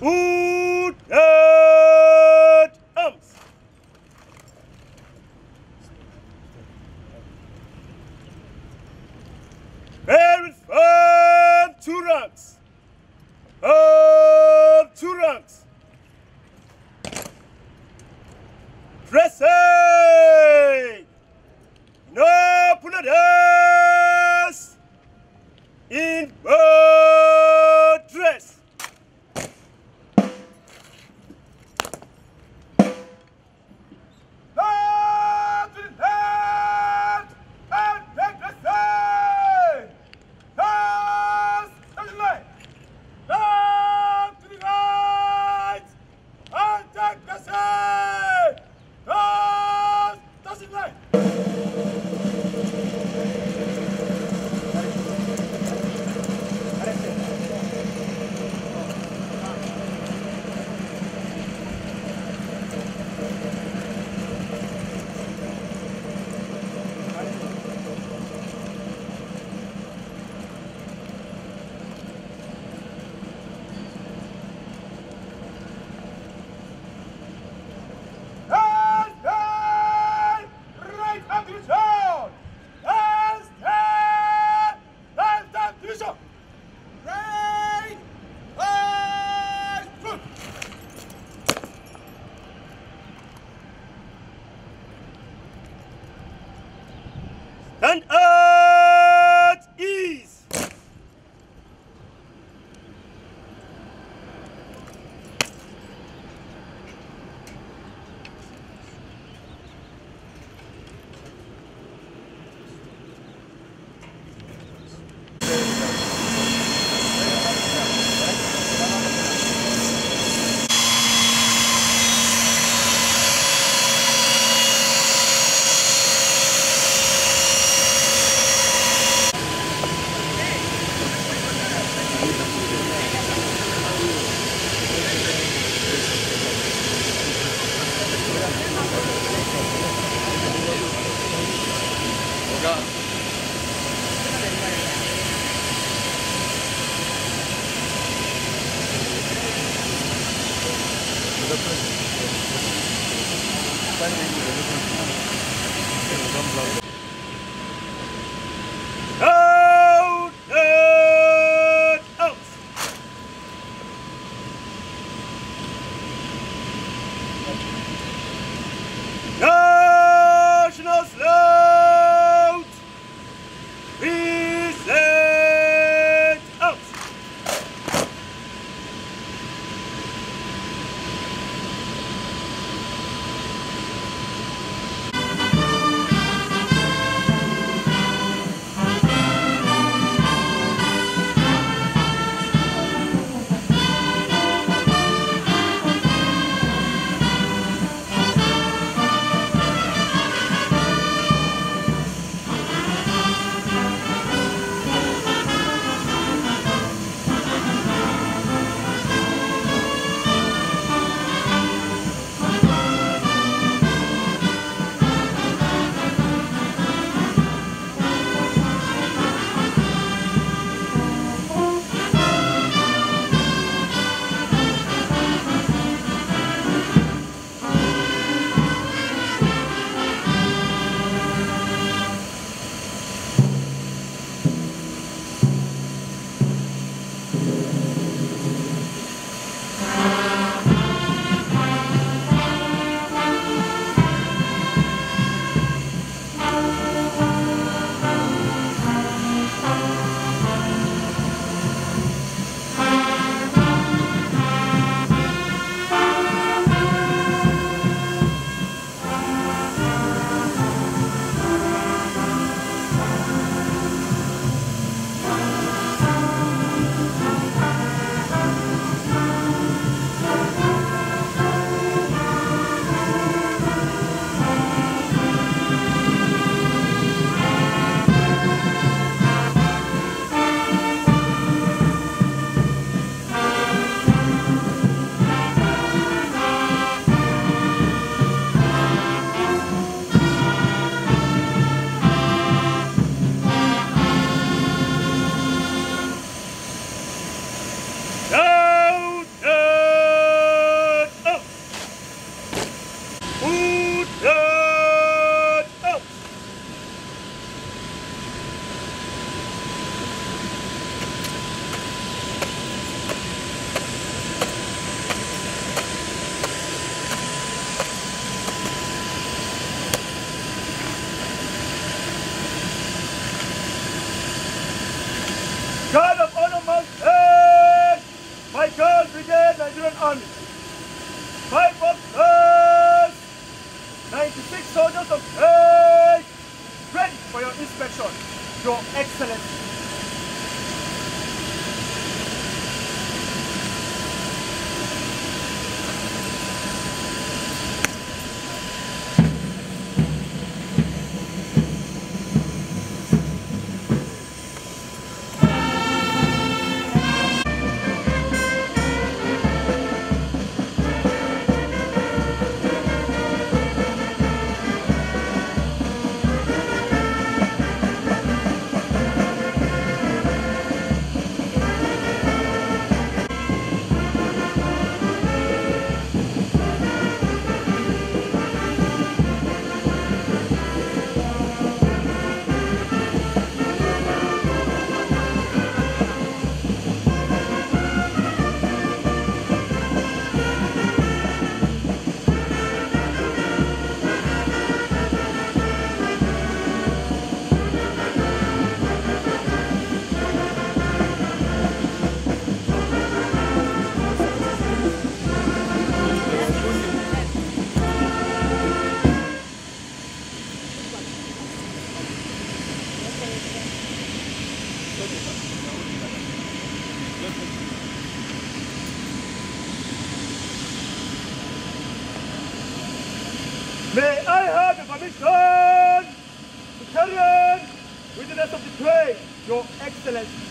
Ooh! up. 5 96 soldiers of eight! Ready for your inspection, Your Excellency. May I have the permission to carry on with the rest of the train, Your Excellency.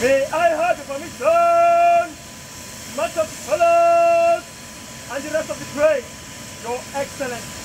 May I have the permission, much of the Palace, and the rest of the trade, Your Excellency.